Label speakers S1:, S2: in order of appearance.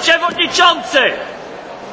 S1: Przewodniczący!